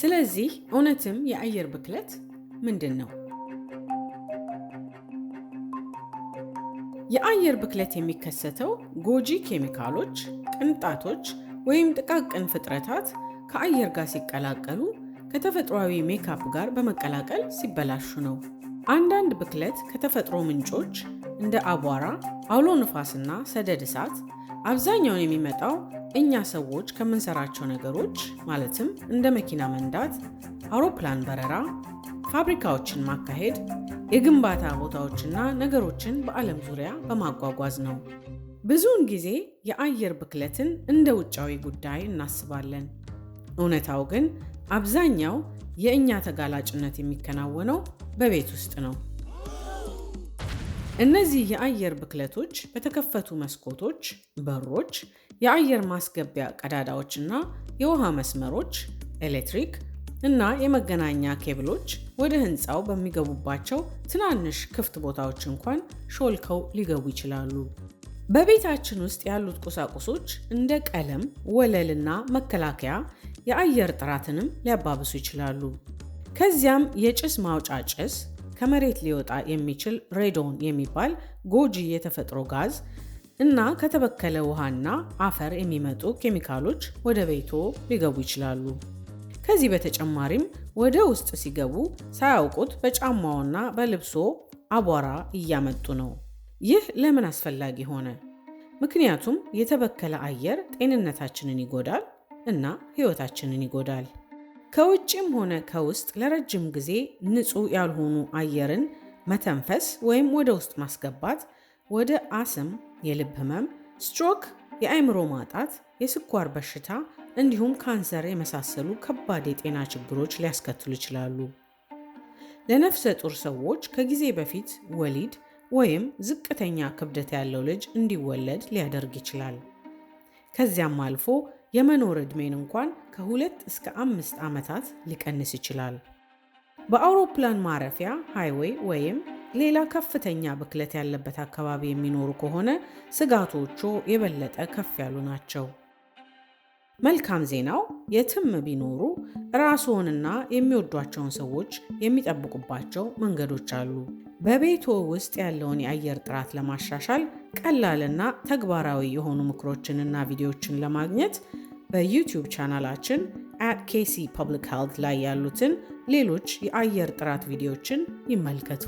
ስለዚህ እውነትም የአየር ብክለት ምንድን ነው? የአየር ብክለት የሚከሰተው ጎጂ ኬሚካሎች፣ ቅንጣቶች ወይም ጥቃቅን ፍጥረታት ከአየር ጋር ሲቀላቀሉ ከተፈጥሯዊ ሜካፕ ጋር በመቀላቀል ሲበላሹ ነው። አንዳንድ ብክለት ከተፈጥሮ ምንጮች እንደ አቧራ፣ አውሎ ንፋስና ሰደድ እሳት፣ አብዛኛውን የሚመጣው እኛ ሰዎች ከምንሰራቸው ነገሮች ማለትም እንደ መኪና መንዳት፣ አውሮፕላን በረራ፣ ፋብሪካዎችን ማካሄድ፣ የግንባታ ቦታዎችና ነገሮችን በዓለም ዙሪያ በማጓጓዝ ነው። ብዙውን ጊዜ የአየር ብክለትን እንደ ውጫዊ ጉዳይ እናስባለን። እውነታው ግን አብዛኛው የእኛ ተጋላጭነት የሚከናወነው በቤት ውስጥ ነው። እነዚህ የአየር ብክለቶች በተከፈቱ መስኮቶች፣ በሮች፣ የአየር ማስገቢያ ቀዳዳዎች እና የውሃ መስመሮች፣ ኤሌክትሪክ እና የመገናኛ ኬብሎች ወደ ህንፃው በሚገቡባቸው ትናንሽ ክፍት ቦታዎች እንኳን ሾልከው ሊገቡ ይችላሉ። በቤታችን ውስጥ ያሉት ቁሳቁሶች እንደ ቀለም፣ ወለልና መከላከያ የአየር ጥራትንም ሊያባብሱ ይችላሉ። ከዚያም የጭስ ማውጫ ጭስ ከመሬት ሊወጣ የሚችል ሬዶን የሚባል ጎጂ የተፈጥሮ ጋዝ እና ከተበከለ ውሃና አፈር የሚመጡ ኬሚካሎች ወደ ቤቶ ሊገቡ ይችላሉ። ከዚህ በተጨማሪም ወደ ውስጥ ሲገቡ ሳያውቁት በጫማውና በልብሶ አቧራ እያመጡ ነው። ይህ ለምን አስፈላጊ ሆነ? ምክንያቱም የተበከለ አየር ጤንነታችንን ይጎዳል እና ሕይወታችንን ይጎዳል። ከውጭም ሆነ ከውስጥ ለረጅም ጊዜ ንጹህ ያልሆኑ አየርን መተንፈስ ወይም ወደ ውስጥ ማስገባት ወደ አስም፣ የልብ ህመም፣ ስትሮክ፣ የአእምሮ ማጣት፣ የስኳር በሽታ እንዲሁም ካንሰር የመሳሰሉ ከባድ የጤና ችግሮች ሊያስከትሉ ይችላሉ። ለነፍሰ ጡር ሰዎች ከጊዜ በፊት ወሊድ ወይም ዝቅተኛ ክብደት ያለው ልጅ እንዲወለድ ሊያደርግ ይችላል። ከዚያም አልፎ የመኖር ዕድሜን እንኳን ከሁለት እስከ አምስት ዓመታት ሊቀንስ ይችላል። በአውሮፕላን ማረፊያ፣ ሃይዌይ ወይም ሌላ ከፍተኛ ብክለት ያለበት አካባቢ የሚኖሩ ከሆነ ስጋቶቹ የበለጠ ከፍ ያሉ ናቸው። መልካም ዜናው የትም ቢኖሩ ራስዎንና የሚወዷቸውን ሰዎች የሚጠብቁባቸው መንገዶች አሉ። በቤቶ ውስጥ ያለውን የአየር ጥራት ለማሻሻል ቀላልና ተግባራዊ የሆኑ ምክሮችንና ቪዲዮዎችን ለማግኘት በዩቲዩብ ቻናላችን አት ኬሲ ፐብሊክ ሄልት ላይ ያሉትን ሌሎች የአየር ጥራት ቪዲዮዎችን ይመልከቱ።